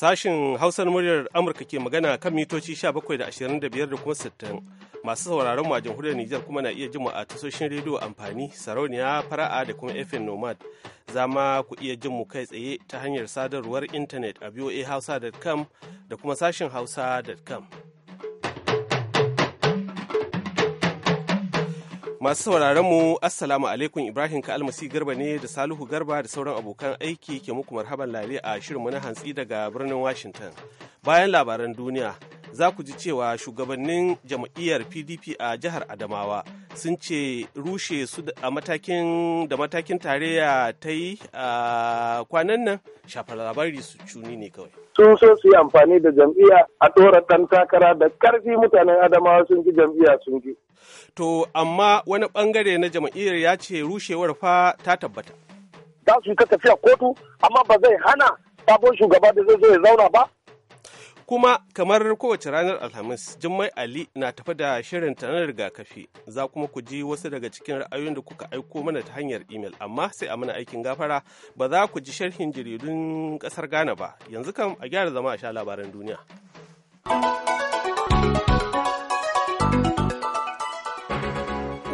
Sashin Hausar muryar Amurka ke magana kan mitoci 17.25 da da kuma 60. Masu sauraron mu a jamhuriyar Nijar kuma na iya jin mu a tasoshin rediyo amfani, sarauniya, fara'a da kuma FM Nomad. Za ma ku iya jin mu kai tsaye ta hanyar sadarwar intanet a voahausa.com da kuma sashin hausa.com. Masu sauraron mu Assalamu alaikum Ibrahim ka almasi garba ne da Salihu Garba da sauran abokan aiki ke muku marhaban lale a shirinmu na hantsi daga birnin Washington. Bayan labaran duniya za ku ji cewa shugabannin jam'iyyar PDP a jihar Adamawa sun ce rushe su a matakin da matakin tarayya ta yi a kwanan nan shafar labari su cuni ne kawai. sun so su yi amfani da jam'iyya a ɗora ɗan takara da ƙarfi mutanen adamawa sun ji jam'iyya sun ji. To amma wani ɓangare na jam'iyyar ya ce rushewar fa ta tabbata. Za su yi ta tafiya kotu amma ba zai hana sabon shugaba da zai zo ya zauna ba kuma kamar kowace ranar alhamis jummai ali na tafi da shirin ta na rigakafi za kuma ku ji wasu daga cikin ra'ayoyin da kuka aiko mana ta hanyar imel amma sai a mana aikin gafara ba za ku ji sharhin jaridun kasar ghana ba yanzu kam a gyara zama a sha labaran duniya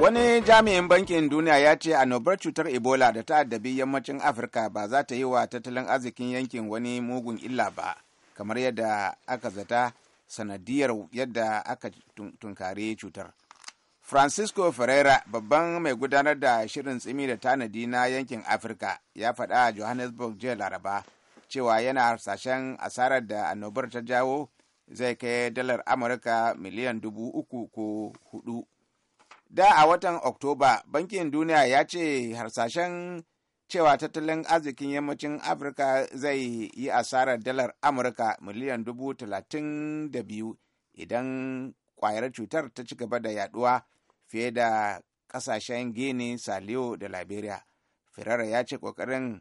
Wani jami'in bankin duniya ya ce annobar cutar Ebola da ta addabi yammacin Afirka ba za ta yi wa tattalin arzikin yankin wani mugun illa ba. kamar yadda aka zata sanadiyar yadda aka tunkare cutar. Francisco Ferreira babban mai gudanar da shirin tsimi da tanadi na yankin Afirka ya faɗa a Johannesburg jiya Laraba cewa yana harsashen asarar da annobar ta jawo zai kai dalar Amurka miliyan dubu uku ko hudu. Da a watan Oktoba, Bankin Duniya ya ce harsashen cewa tattalin arzikin yammacin afirka zai yi asarar dalar amurka miliyan dubu talatin da biyu idan kwayar cutar ta ci gaba da yaduwa fiye da kasashen gini saliyo da liberia ferrara ya ce kokarin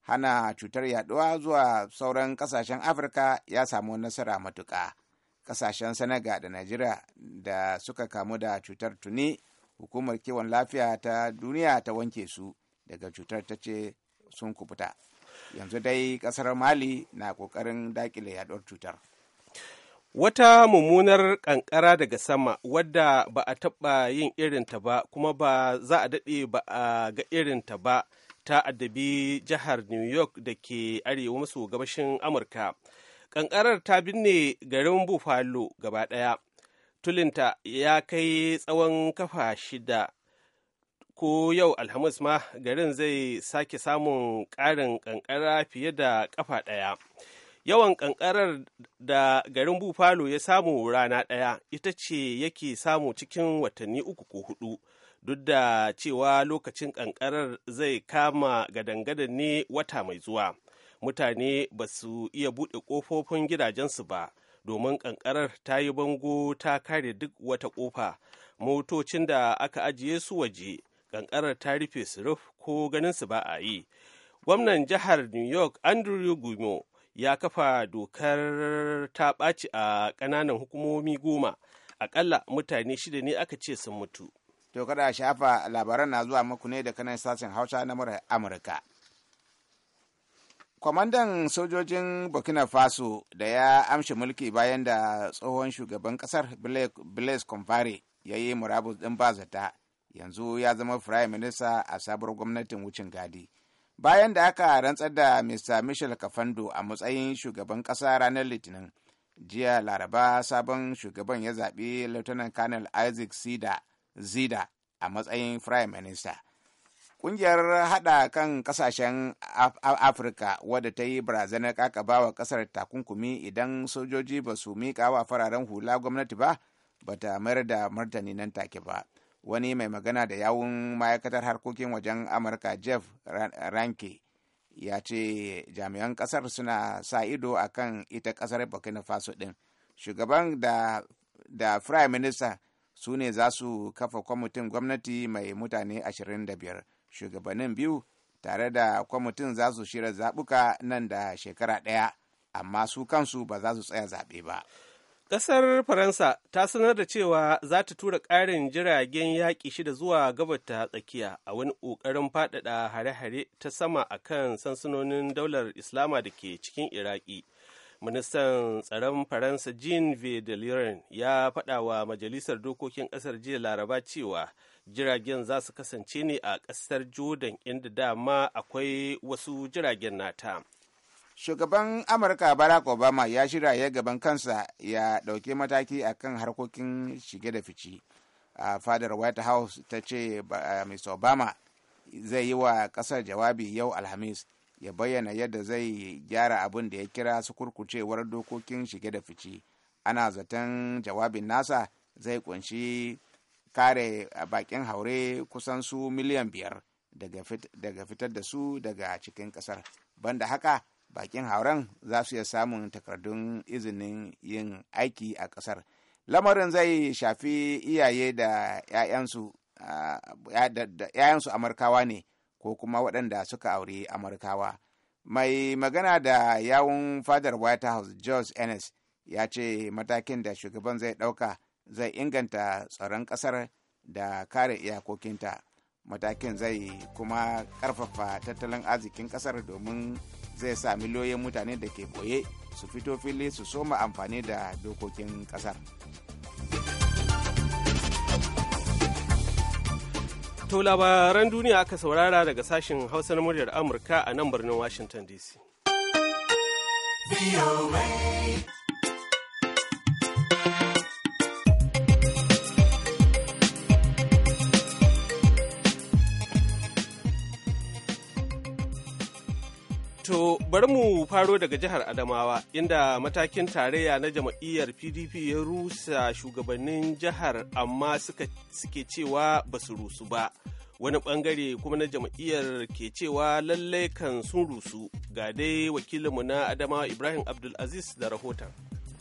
hana cutar yaduwa zuwa sauran kasashen afirka ya samu nasara matuka kasashen senegal da nigeria da suka kamu da cutar tuni hukumar kiwon lafiya ta duniya ta wanke su daga cutar ta ce sun kubuta yanzu dai kasar mali na kokarin dakile yaduwar cutar wata mummunar kankara daga sama wadda ba a taɓa yin irinta ba kuma ba za a daɗe ba a ga irinta ba ta addabi jihar new york da ke arewa maso gabashin amurka kankarar ta binne garin buffalo gaba ɗaya tulinta ya kai tsawon kafa shida ko yau alhamis ma garin zai sake samun ƙarin ƙanƙara fiye da ƙafa ɗaya yawan ƙanƙarar da garin bufalo ya samu rana ɗaya ita ce yake samu cikin watanni uku ko hudu duk da cewa lokacin ƙanƙarar zai kama gadangadan ne wata mai zuwa mutane ba su iya buɗe ƙofofin gidajensu ba domin ƙanƙarar ta yi bango ta kare duk wata ƙofa motocin da aka ajiye su waje ƙanƙarar ta rufe su ruf ko ganin su ba a yi gwamnan jihar new york andrew gumo ya kafa dokar ta ɓaci a ƙananan hukumomi goma aƙalla mutane shida ne aka ce sun mutu to kada shafa labaran na zuwa muku ne da kanan sashen hausa na murar amurka kwamandan sojojin burkina faso da ya amshi mulki bayan da tsohon shugaban kasar blaise compare ya yi murabus ɗin bazata yanzu ya zama firayim minista a sabuwar gwamnatin wucin gadi bayan da aka rantsar da mr michel kafando a matsayin shugaban kasa ranar litinin jiya laraba sabon shugaban ya zaɓi lieutenant colonel isaac sida zida a matsayin firayim minista ƙungiyar hada kan ƙasashen afirka wadda ta yi barazanar wa kasar takunkumi idan sojoji ba su miƙa wa fararen hula gwamnati ba ba ta mayar da martani nan take ba wani mai magana da yawun ma'aikatar harkokin wajen amurka jeff ranke ya ce jami'an kasar suna sa ido a kan ita kasar burkina faso din shugaban da, da prime minister su ne za su kafa kwamitin gwamnati mai mutane 25 shugabannin biyu tare da kwamitin za su shirya zaɓuka nan da shekara ɗaya amma su kansu ba za su tsaya zaɓe ba. Ƙasar Faransa ta sanar da cewa za ta tura ƙarin jiragen yaƙi shida zuwa gabar ta tsakiya a wani ƙoƙarin faɗaɗa hare-hare ta sama a kan sansanonin daular Islama da ke cikin Iraki. Ministan tsaron Faransa Jean Vedeliran ya faɗa wa Majalisar Dokokin Ƙasar jiya Laraba cewa jiragen za su kasance ne a ƙasar Jordan inda dama akwai wasu jiragen nata. Shugaban Amurka Barack Obama ya shirya ya gaban kansa ya dauke mataki a kan harkokin shige da fici. A fadar White House ta ce Mr. Obama zai yi wa kasar jawabi yau Alhamis ya bayyana yadda zai gyara abin da ya kira su kurkucewar dokokin shige da fici. Ana zaton jawabin nasa zai kunshi kare bakin haure kusan su miliyan biyar daga fitar da su daga cikin ƙasar. Banda haka, bakin hauren za su iya samun takardun izinin yin aiki a ƙasar lamarin zai shafi iyaye da 'ya'yansu ‘ya'yansu amurkawa ne ko kuma waɗanda suka aure amurkawa mai magana da yawun fadar white house george ennis ya ce matakin da shugaban zai ɗauka zai inganta tsaron ƙasar da kare iyakokinta matakin zai kuma ƙarfafa tattalin arzikin ƙasar domin zai sa miliyoyin mutane da ke boye su fito fili su soma amfani da dokokin kasar. To labaran duniya aka saurara daga sashen hausa hausar muryar Amurka a nan birnin Washington DC. To bari mu faro daga jihar Adamawa inda matakin tarayya na jam'iyyar PDP ya rusa shugabannin jihar amma suke cewa ba su rusu ba. Wani bangare kuma na jam'iyyar ke cewa lallai kan sun rusu ga dai wakilinmu na Adamawa Ibrahim Abdulaziz da rahoton.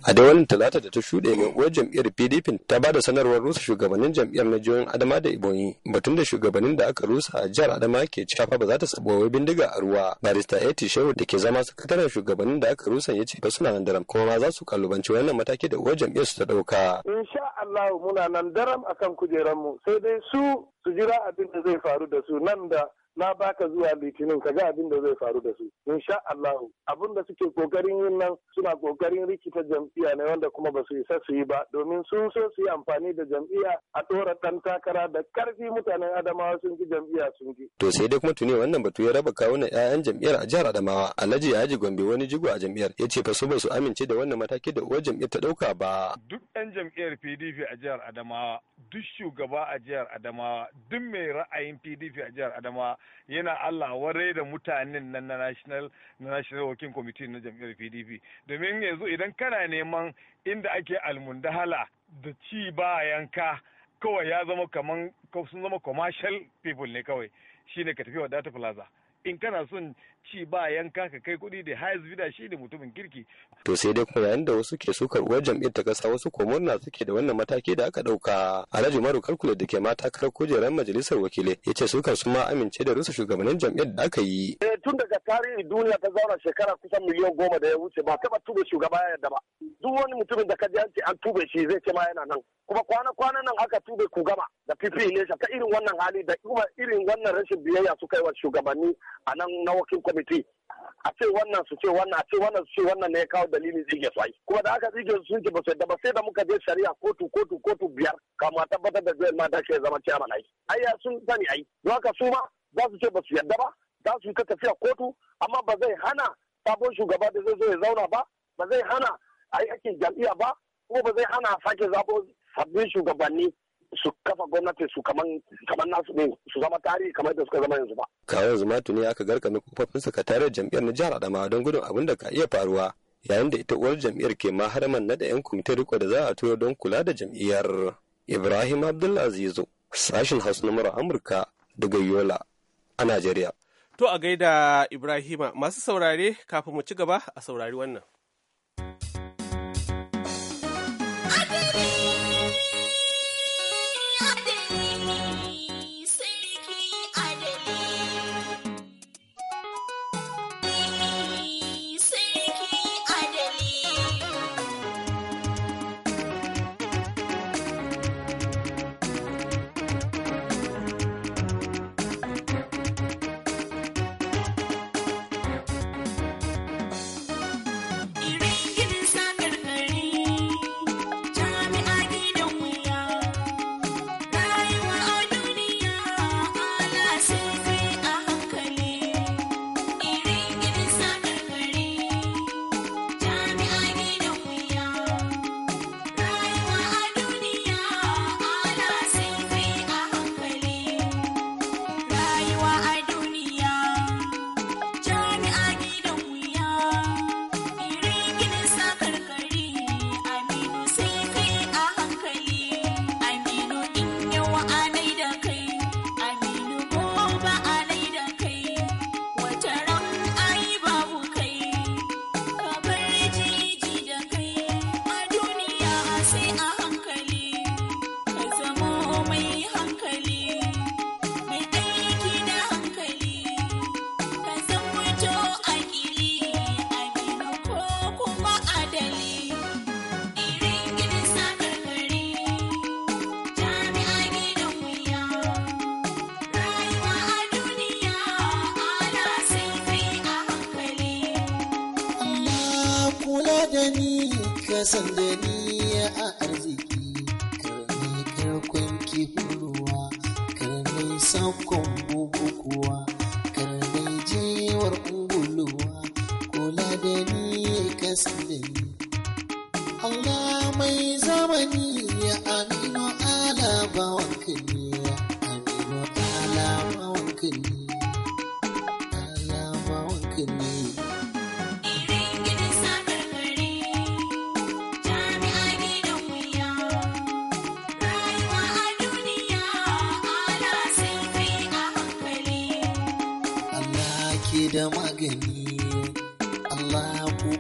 a da, wannan talata da ta shuɗe mai uwar jam'iyyar pdp ta ba da sanarwar rusa shugabannin jam'iyyar na jihohin adama da ibonyi batun da shugabannin da aka rusa a jihar adama ke shafa ba za ta sabuwa bindiga a ruwa barista eti shehu da ke zama sakataren shugabannin da aka rusa ya ce ba suna nan daram kuma ma za su kalubanci wannan mataki da uwar jam'iyyar su ta ɗauka. insha allahu muna nan daram akan kujeranmu sai dai su su jira abin da zai faru da su nan da na baka zuwa litinin ka ga abin da zai faru da su insha Allahu abin da suke kokarin yin nan suna kokarin rikita jam'iya ne wanda kuma ba su isa su yi ba domin sun so su yi amfani da jam'iyya a ɗora dan takara da karfi mutanen Adamawa sun ji jam'iyya sun ji. To sai dai kuma tuni wannan batu ya raba kawunan 'ya'yan jam'iyyar a jihar Adamawa Alhaji Yaji Gombe wani jigo a jam'iyyar ya ce fa su ba su amince da wannan mataki da uwar jam'iyyar ta ɗauka ba. Duk 'yan jam'iyyar PDP a jihar Adamawa duk shugaba a jihar Adamawa duk mai ra'ayin PDP a jihar Adamawa yana Allah ware da mutanen nan na national na national working committee na jam'iyyar PDP domin yanzu idan kana neman inda ake almundahala da ci bayan ka kawai ya zama kaman sun zama commercial people ne kawai shine ka tafi data plaza in kana son ci ba yanka ka kai kuɗi da highest bidder shi ne mutumin kirki. To sai dai kuma yayin da wasu ke so karɓuwar jam'iyyar ta ƙasa wasu ko murna suke da wannan mataki da aka ɗauka. Alhaji Umaru Kalkule da ke mata kar kujerar majalisar wakilai ya ce kan su ma amince da rusa shugabannin jam'iyyar da aka yi. Eh, tun daga tarihi duniya ta zauna shekara kusan miliyan goma da ya wuce ba taɓa tuba shugaba ya yadda ba. Duk wani mutumin da ka ji an ce an tube shi zai ce ma yana nan. Kuma kwana kwana nan aka tuba ku gama da PPE ne ta irin wannan hali da kuma irin wannan rashin biyayya suka kai wa shugabanni a nan na wakil kwamiti a ce wannan su ce wannan a ce wannan su ce wannan ne ya kawo dalilin zige su ai kuma da aka tsige su sun ce ba su yadda ba sai da muka je shari'a kotu kotu kotu biyar kama tabbatar da zai mata ke zama yi ai ai sun sani ai don haka su ma za su ce ba su yadda ba za su ta tafiya kotu amma ba zai hana sabon shugaba da zai zo ya zauna ba ba zai hana a yi aikin jam'iyya ba kuma ba zai hana sake zabo sabbin shugabanni su kafa gwamnati su kaman nasu ne su zama tarihi kamar da suka zama yanzu ba. Kawo zuma tuni aka garkame kofofin sakataren jam'iyyar Nijar jihar Adamawa don gudun abin da ka iya faruwa yayin da ita uwar jam'iyyar ke ma haraman na da 'yan kwamitin riko da za a turo don kula da jam'iyyar. Ibrahim Abdulazizu, sashin Hausa na Amurka daga Yola a Najeriya. To a gaida Ibrahima masu saurare kafin mu ci gaba a saurari wannan. sande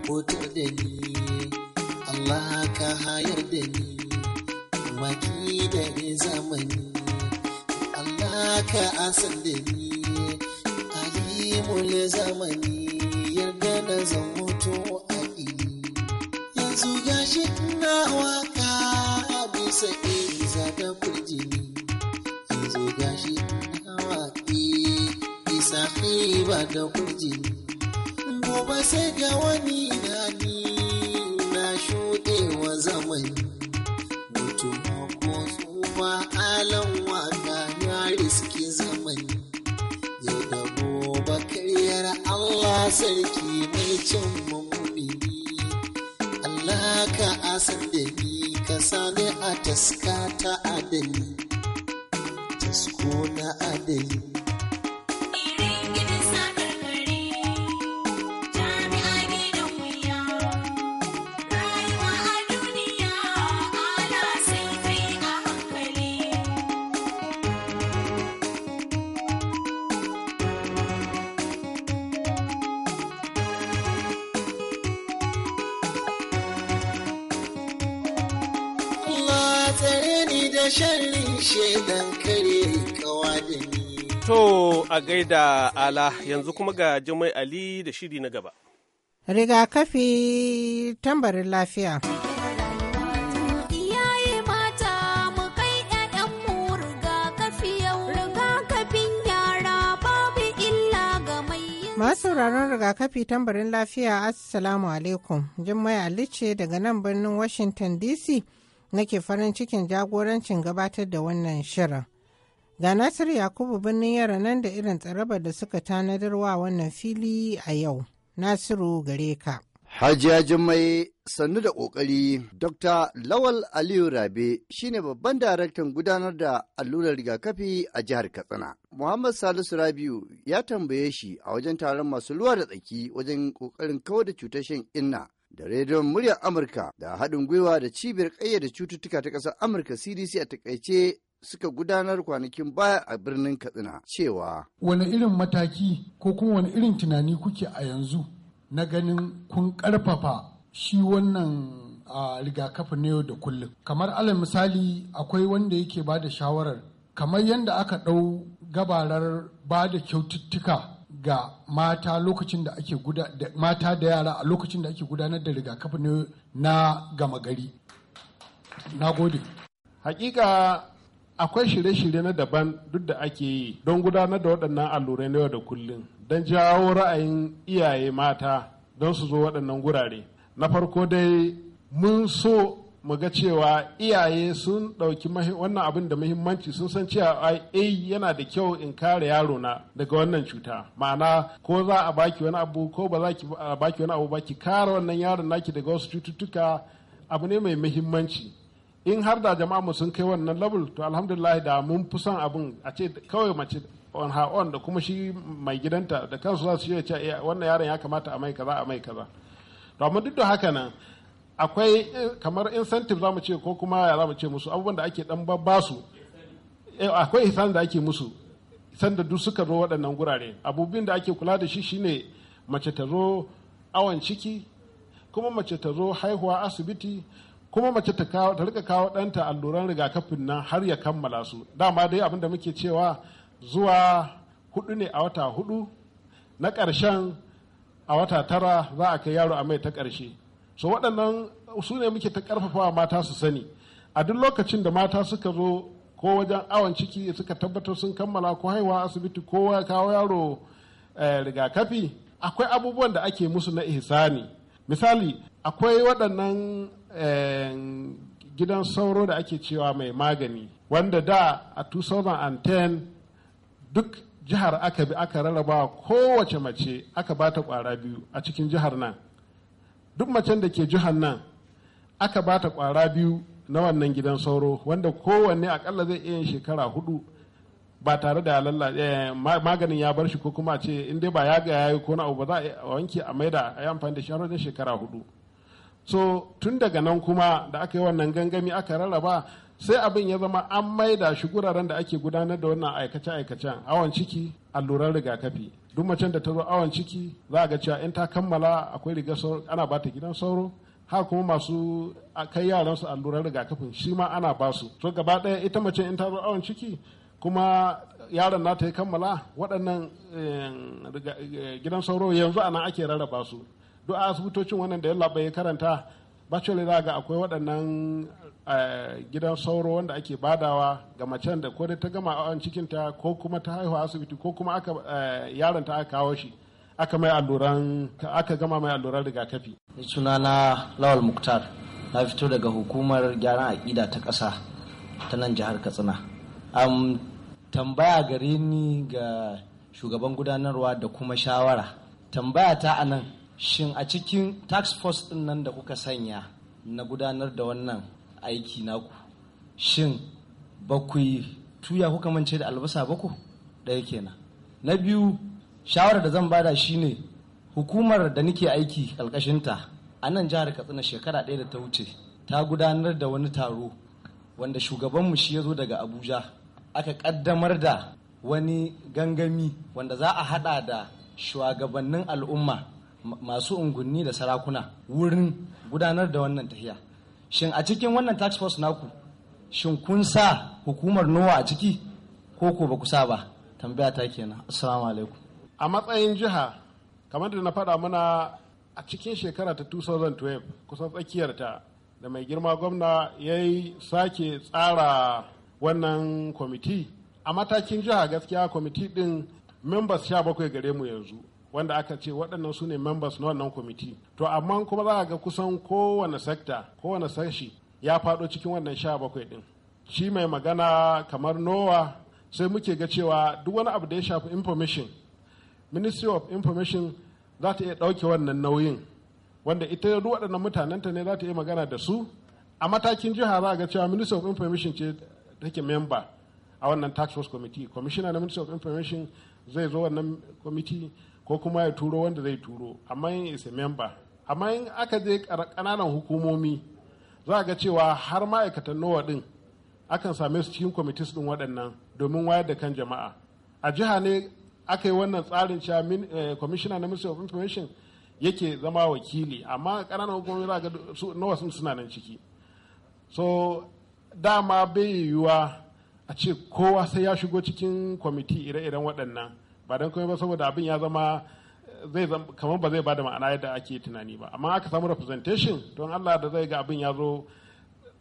kubutar da ni Allah ka hayar da ni maki da zamani Allah ka asar da ni alimul zamani yarda da zan mutu a ili yanzu gashi ina waka bisa iza da kurjini yanzu gashi ina waki bisa ba da kurjini gobe sai ga wani dani na shuɗewa zamani mutum ko tsufa alan waka ya riski zamani ya da gobe karyar Allah sarki mai cin mummuni Allah ka asar da ni ka sani a taska ta adali tasko na adali Shan shaidan kare kawa da ni. To a gaida ala yanzu kuma ga Jummai Ali da shiri na gaba. Rigakafi tambarin lafiya. Masu sauraron rigakafi tambarin lafiya Assalamu alaikum. Jummai Ali ce daga nan birnin Washington DC. nake farin cikin jagorancin gabatar da wannan shirin. Ga Nasir Yakubu birnin yara nan da irin tsarabar da suka tanadarwa wannan fili a yau. Nasiru gare ka. Hajiya Jummai sannu da ƙoƙari Dr. Lawal Aliyu Rabe shine babban daraktan gudanar da allurar rigakafi a jihar Katsina. Muhammad Salisu Rabiu ya tambaye shi a wajen taron masu luwa da tsaki wajen ƙoƙarin kawar da cutar shan inna da rediyon muryar Amurka da haɗin gwiwa da cibiyar ƙayyade cututtuka ta ƙasar Amurka CDC a takaice suka gudanar kwanakin baya a birnin Katsina cewa. Wani irin mataki ko kuma wani irin tunani kuke a yanzu na ganin kun ƙarfafa shi wannan rigakafi na yau da kullum. Kamar alal misali akwai wanda yake ba da shawarar kamar yadda aka ɗau gabarar ba da kyaututtuka ga mata lokacin da ake mata da yara a lokacin da ake gudanar da rigakafi ne na gama gari na gode hakika akwai shirye-shirye na daban duk da ake yi don gudanar da waɗannan allurai na yau da kullum don jawo ra'ayin iyaye mata don su zo waɗannan gurare na farko dai mun so mu ga cewa iyaye sun ɗauki wannan abin da muhimmanci sun san cewa ai eh, yana da kyau in kare yaro na daga wannan cuta ma'ana ko za a baki wani abu ko ba za ki baki wani abu ba ki kare wannan yaron naki daga wasu cututtuka abu ne mai muhimmanci in har da jama'a mu sun kai wannan level to alhamdulillah da mun fi son abin a ce kawai mace on her own da kuma shi mai gidanta da kansu za su ce eh, wannan yaron ya kamata a mai kaza a mai kaza to amma duk da haka nan akwai eh, kamar incentive za mu ce ko kuma ya za mu ce musu abubuwan da ake dan babba su eh, akwai isan da ake musu sanda duk suka zo waɗannan gurare abubuwan da ake kula da shi shine mace ta zo awon ciki kuma mace ta zo haihuwa asibiti kuma mace ta rika kawo ɗanta alluran rigakafin nan har ya kammala su dama dai abin da muke cewa zuwa hudu ne a wata hudu na ƙarshen a wata tara za a kai yaro a mai ta ƙarshe so waɗannan su ne muke ta ƙarfafawa mata su sani a duk lokacin da mata suka zo ko wajen awon ciki suka tabbatar sun kammala ko haihuwa asibiti ko kawo yaro eh, rigakafi akwai abubuwan da ake musu na ihsani misali akwai waɗannan eh, gidan sauro da ake cewa mai magani wanda da a 2010 duk jihar aka bi aka rarraba kowace mace aka ba ta kwara biyu a cikin jihar nan duk macen da ke jihar nan aka ba ta kwara biyu na wannan gidan sauro wanda kowanne akalla zai iya yin shekara hudu ba tare da lalla eh, maganin ya bar shi ko kuma ce in dai ba ya ga yayi ko na abu ba za a wanke a maida a yi amfani da shi shekara hudu so tun daga nan kuma da aka yi wannan gangami aka rarraba sai abin ya zama an maida shi guraren da ake gudanar da wannan aikace-aikacen awon ciki alluran rigakafi duk macen da ta zo awon ciki za a ga cewa in ta kammala akwai riga sauro ana bata gidan sauro har kuma masu kai yaran su alluran rigakafin shi ma ana ba su to gaba ɗaya ita mace in ta zo awon ciki kuma yaron nata ya kammala waɗannan eh, eh, gidan sauro yanzu ana ake rarraba su duk a asibitocin wannan da ya ya karanta bachelor za ga akwai waɗannan eh, gidan sauro wanda ake badawa ga macen da ko dai ta gama cikin cikinta ko kuma ta haihu asibiti ko kuma aka eh, yaron ta aka kawo shi aka mai alluran aka gama mai alluran rigakafi sunana lawal muktar na fito daga hukumar gyaran aƙida ta ƙasa ta nan jihar katsina am tambaya gare ni ga shugaban gudanarwa da kuma shawara tambaya ta a nan shin a cikin tax force din nan da kuka sanya na gudanar da wannan aiki naku shin ba ku yi tuya kuka mance da albasa ba ku ɗaya kenan na biyu shawarar da zan bada shine hukumar da nake aiki ƙarƙashinta a nan jihar katsina shekara ɗaya da ta wuce ta gudanar da wani taro wanda shugabanmu shi ya zo daga abuja aka ƙaddamar da wani gangami wanda za a haɗa da shugabannin al'umma masu ungunni da sarakuna wurin gudanar da wannan tafiya shin a cikin wannan tax force naku shin kun sa hukumar nowa a ciki ko ko ba ku sa ba tambaya ta kenan assalamu alaikum a matsayin jiha kamar da na faɗa mana a cikin shekara ta 2012 kusan ta da mai girma gwamna ya yi sake tsara wannan kwamiti a matakin jiha gaskiya kwamiti din membas 17 gare mu yanzu wanda aka ce waɗannan su ne members na wannan kwamiti to amma kuma za a ga kusan kowane sekta kowane sashi ya faɗo cikin wannan sha bakwai ɗin shi mai magana kamar nowa sai muke ga cewa duk wani abu da ya shafi information ministry of information za ta iya ɗauke wannan nauyin wanda ita duk waɗannan mutanenta ne za ta iya magana da su a matakin jiha za a ga cewa ministry of information ce take memba a wannan tax force committee commissioner na ministry of information zai zo wannan committee ko kuma ya turo wanda zai turo amma yin is a amma in aka je kananan hukumomi za a ga cewa har ma'aikatan nowa din akan same su cikin kwamitis din waɗannan domin wayar da kan jama'a a jiha ne aka yi wannan tsarin cewa eh, commissioner na ministry of information yake zama wakili amma kananan hukumomi za a ga nowa sun suna nan ciki so dama bai yiwuwa a ce kowa sai ya shigo cikin kwamiti ire-iren waɗannan ba don kuma ba saboda abin ya zama zai kamar ba zai bada ma'ana yadda ake tunani ba amma aka samu representation don Allah da zai ga abin ya zo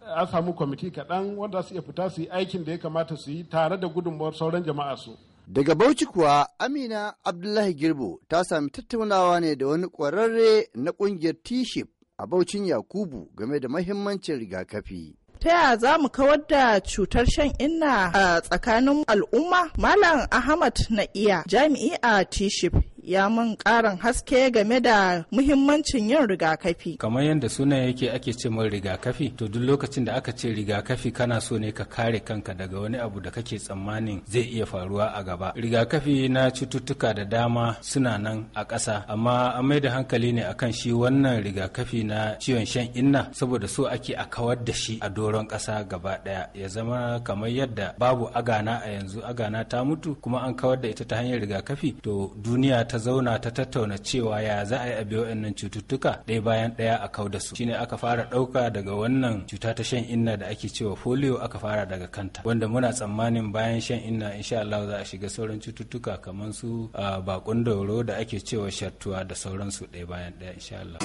a samu kwamiti kaɗan wanda su iya fita su yi aikin da ya kamata su yi tare da gudunmawar sauran jama'a su. Daga Bauchi kuwa Amina Abdullahi Girbo ta sami tattaunawa ne da wani kwararre na kungiyar t shirt a Baucin Yakubu game da mahimmancin rigakafi. ta yaya za mu kawar da cutar shan inna a tsakanin al'umma malam ahmad na iya jami'i a tishif ya mun ƙaran haske game da muhimmancin yin rigakafi. Kamar yadda sunan yake ake ce rigakafi, to duk lokacin da aka ce rigakafi kana so ne ka kare kanka daga wani abu da kake tsammanin zai iya faruwa a gaba. Rigakafi na cututtuka da dama suna nan a ƙasa, amma an mai da hankali ne akan shi wannan rigakafi na ciwon shan inna saboda so ake a kawar da shi a doron ƙasa gaba ɗaya ya zama kamar yadda babu agana a yanzu agana ta mutu kuma an kawar da ita ta hanyar rigakafi to duniya ta zauna ta tattauna cewa ya za a yi a biyo wa'annan cututtuka ɗaya bayan ɗaya a kau da su shine aka fara ɗauka daga wannan cuta ta shan inna da ake cewa polio aka fara daga kanta wanda muna tsammanin bayan shan inna insha Allah za a shiga sauran cututtuka kamar su ah, bakon dauro da ake cewa shattuwa da sauransu ɗaya bayan ɗaya insha Allah.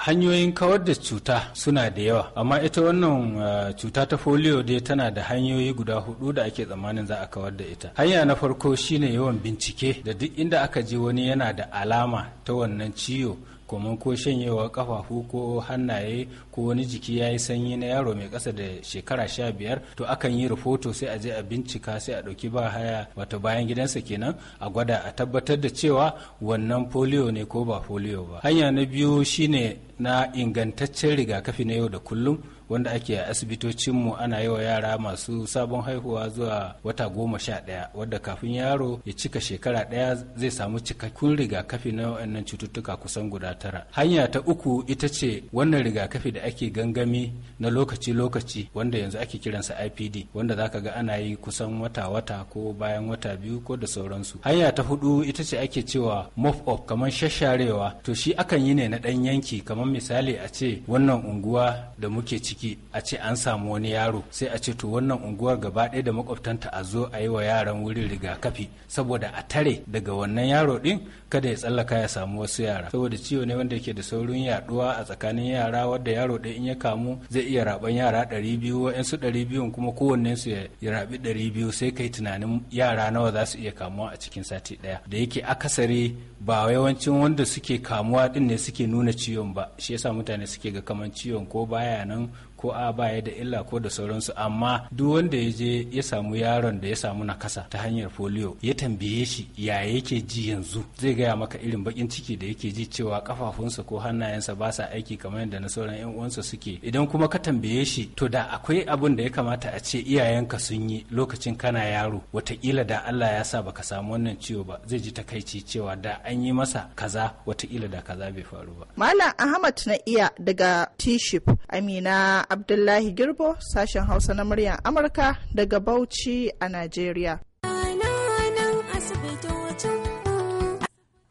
hanyoyin kawar da cuta suna da yawa amma ita wannan uh, cuta ta folio dai tana da hanyoyi guda hudu da ake tsammanin za a kawar da ita hanya na farko shine yawan bincike da duk inda aka je wani yana da alama ta wannan ciwo kuma ko shanyewa kafafu ko hannaye ko wani jiki ya yi sanyi na yaro mai ƙasa da shekara sha biyar to akan yi rahoto sai a je a bincika sai a ɗauki ba haya wato bayan gidansa kenan a gwada a tabbatar da cewa wannan polio ne ko ba polio ba hanya na biyu shine na ingantaccen rigakafi na yau da kullum wanda ake a asibitocinmu ana yi wa yara masu sabon haihuwa zuwa wata goma sha ɗaya wadda kafin yaro ya cika shekara ɗaya zai samu cikakkun rigakafi na wa'annan cututtuka kusan guda tara hanya ta uku ita ce wannan rigakafi da ake gangami na lokaci-lokaci wanda yanzu ake kiransa ipd wanda zaka ga ana yi kusan wata-wata ko bayan wata biyu ko da sauransu hanya ta hudu ita ce ake cewa mop up kamar shasharewa to shi akan yi ne na ɗan yanki kamar misali a ce wannan unguwa da muke ciki ciki a ce an samu wani yaro sai a ce to wannan unguwar gaba ɗaya da makwabtanta a zo a yi wa yaran wurin rigakafi saboda a tare daga wannan yaro ɗin kada ya tsallaka ya samu wasu yara saboda ciwo ne wanda yake da saurin yaduwa a tsakanin yara wadda yaro ɗin in ya kamu zai iya raban yara ɗari biyu wa'insu ɗari biyun kuma kowanne su ya raɓi ɗari biyu sai kai tunanin yara nawa za su iya kamuwa a cikin sati ɗaya da yake akasari ba yawancin wanda suke kamuwa ɗin ne suke nuna ciwon ba shi yasa mutane suke ga kaman ciwon ko baya nan ko a baya da illa ko da sauransu amma duk wanda ya je ya samu yaron da ya samu nakasa ta hanyar polio ya tambaye shi ya yake ji yanzu zai gaya maka irin bakin ciki da yake ji cewa kafafunsa ko hannayensa ba sa aiki kamar yadda na sauran yan uwansa suke idan kuma ka tambaye shi to da akwai abin da ya kamata a ce iyayenka sun yi lokacin kana yaro watakila da Allah ya sa baka samu wannan ciwo ba zai ji takaici cewa da an yi masa kaza watakila da kaza bai faru ba. Mallam Ahmad na iya daga Tiship Amina Abdullahi Girbo, sashen Hausa na muryar Amurka daga Bauchi a Najeriya.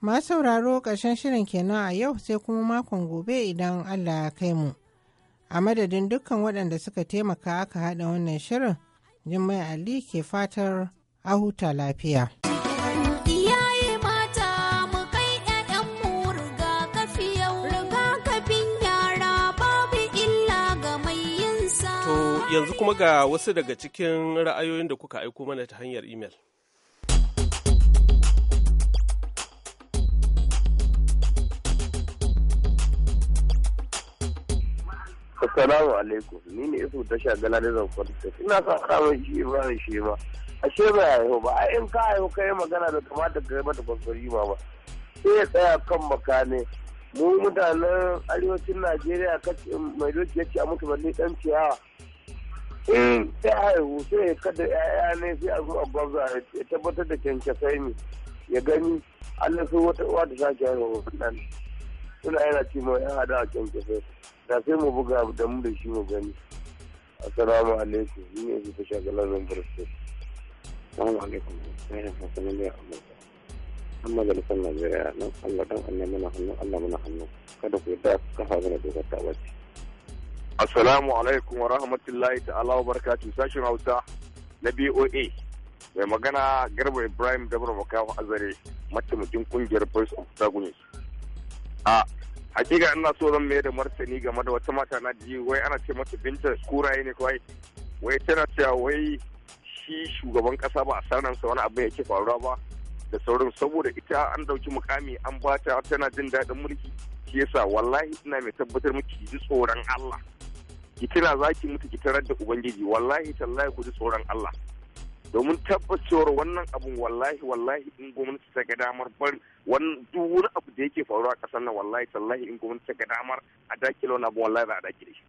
Ma sauraro ƙarshen shirin kenan a yau sai kuma makon gobe idan Allah ya kai mu. A madadin dukkan waɗanda suka taimaka aka haɗa wannan shirin, Jummai Ali ke fatar a huta lafiya. yanzu kuma ga wasu daga cikin ra'ayoyin da kuka aiko mana ta hanyar imel. Assalamu alaikum, ni ne isu ta gana da zan kwalita. Ina sa kawo shi ba da shi ba. Ashe ba ya yau ba, a in ka yau ka yi magana da kamata ka yi mata kwasfari ba ba. Sai ya tsaya kan makane. Mu mutanen arewacin Najeriya mai doki ya ce a mutu balle ɗan ciyawa. ya eh, haihu sai ya kada yaya ne sai a zo a gwabza ya tabbatar da kyankyasai ne ya gani allah wata uwa da sake haihuwa nan suna yana ci ma ya hada a kyankyasai da sai mu buga da mu da shi mu gani assalamu alaikum ni ne su fi shagalar zambar assalamu alaikum sai da fasalin da ya amurka amma da nisan najeriya nan allah dan annai na hannu allah mana hannu kada ku yi da kafa mana dokar ta Assalamu alaikum wa rahmatullahi ta'ala wa barakatuh sashen Hausa na BOA. Mai magana Garba Ibrahim Dabra Makawa Azare mataimakin kungiyar Voice of Protagonist. A hakika ina so zan mai da martani game da wata mata na ji wai ana ce mata binta kuraye ne kawai wai tana cewa wai shi shugaban kasa ba a sa wani abin yake faruwa ba da saurin saboda ita an dauki mukami an bata tana jin daɗin mulki shi yasa wallahi ina mai tabbatar miki ji tsoron Allah ki kira za ki mutu ki tarar da ubangiji wallahi tallahi ku ji tsoron Allah domin tabbas tabbacewar wannan abun wallahi wallahi in gwamnati ta ga damar bar wannan duk wani abu da yake faruwa a kasar nan wallahi tallahi in gwamnati ta ga damar a daki wani abun wallahi za a da shi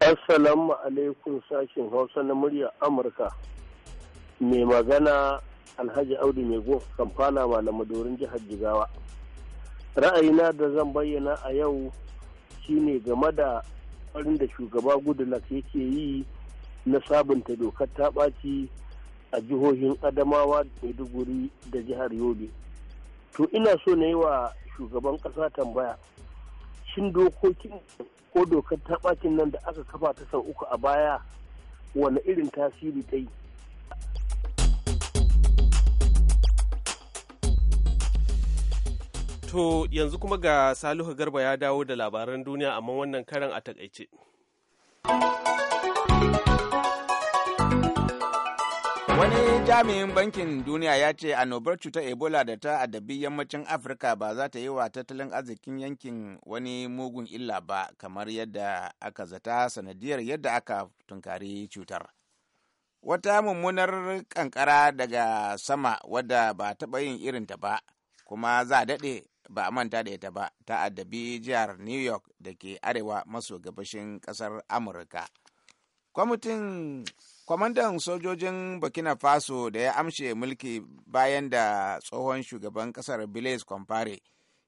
Assalamu alaikum sashin Hausa na murya Amurka mai magana Alhaji Audu mai go Kampala malamadorin jihar Jigawa ra'ayina da zan bayyana a yau shine game da kokarin da shugaba gudulak yake yi na sabunta dokar ta ɓaci a jihohin adamawa da maiduguri da jihar yobe to ina so na yi wa shugaban ƙasa tambaya shin dokokin ko dokar ta nan da aka kafa ta sau uku a baya wani irin tasiri ta To yanzu kuma ga Salihu Garba ya dawo da labaran duniya amma wannan karan a takaice. Wani jami'in bankin duniya ya ce annobar cutar Ebola da ta adabi yammacin Afirka ba za ta yi wa tattalin arzikin yankin wani mugun illa ba kamar yadda aka zata sanadiyar yadda aka tunkari cutar. Wata mummunar kankara daga sama wadda ba taɓa yin irinta ba, kuma za a daɗe ba a manta da ita ba ta addabi jihar new york da ke arewa maso gabashin kasar amurka kwamitin kwamandan sojojin burkina faso da ya amshe mulki bayan da tsohon shugaban kasar blaise compare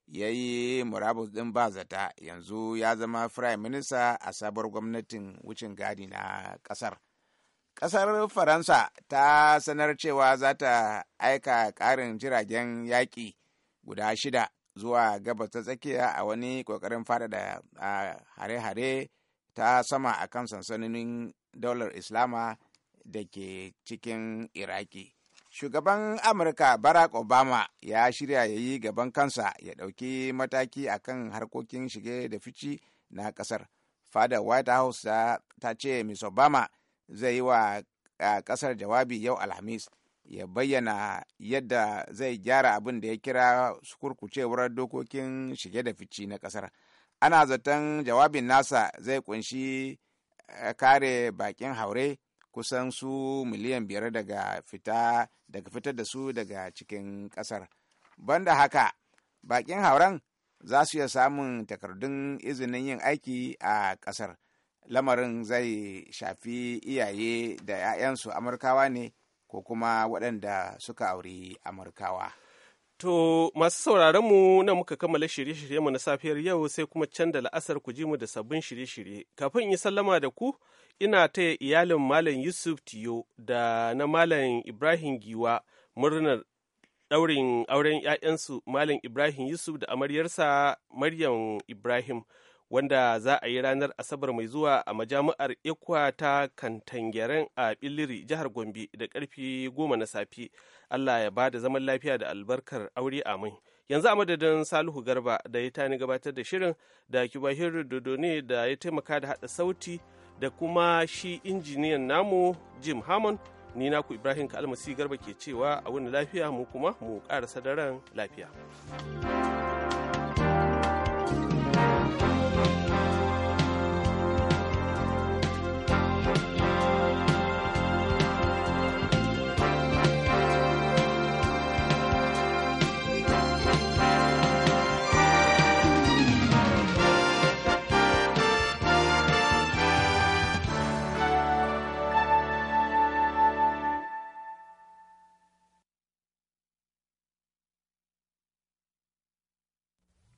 ya yi murabus din ba zata yanzu ya zama prime minister a sabar gwamnatin wucin gadi na kasar kasar faransa ta sanar cewa za ta aika karin jiragen yaƙi guda shida zuwa gabas ta tsakiya a wani kokarin da hare-hare ta sama a kan sansanonin daular islama da ke cikin iraki shugaban amurka barack obama ya shirya ya yi gaban kansa ya ɗauki mataki a kan harkokin shige da fici na ƙasar fada white house ta ce miss obama zai yi wa ƙasar jawabi yau alhamis ya bayyana yadda zai gyara abin da ya kira kurkucewar dokokin shige da fici na kasar ana zaton jawabin nasa zai kunshi eh, kare bakin haure kusan su miliyan biyar daga fita daga fitar da su daga cikin kasar banda haka bakin hauren za su iya samun takardun izinin yin aiki a kasar lamarin zai shafi iyaye da 'ya'yansu amurkawa ne ko kuma waɗanda suka auri amurkawa To masu sauraron mu na muka kammala shirye mu na safiyar yau sai kuma can da la'asar ku ji mu da sabbin shirye-shirye. Kafin yi sallama da ku, ina taya iyalin Malam Yusuf Tiyo da na Malam Ibrahim Giwa murnar ɗaurin auren 'ya'yansu Malam Ibrahim Yusuf da amaryarsa Maryam Ibrahim. wanda za a yi ranar asabar mai zuwa a majami'ar ikwa ta kantangeren a biliri jihar gombe da karfe goma na safi. allah ya ba da zaman lafiya da albarkar aure a amin yanzu a madadin salihu garba da ya tani gabatar da shirin da kibahir dodone da ya taimaka da hada sauti da kuma shi injiniyan namu jim hammond ni naku ibrahim kalmasi garba ke cewa a wani lafiya mu kuma mu kara sadaran lafiya.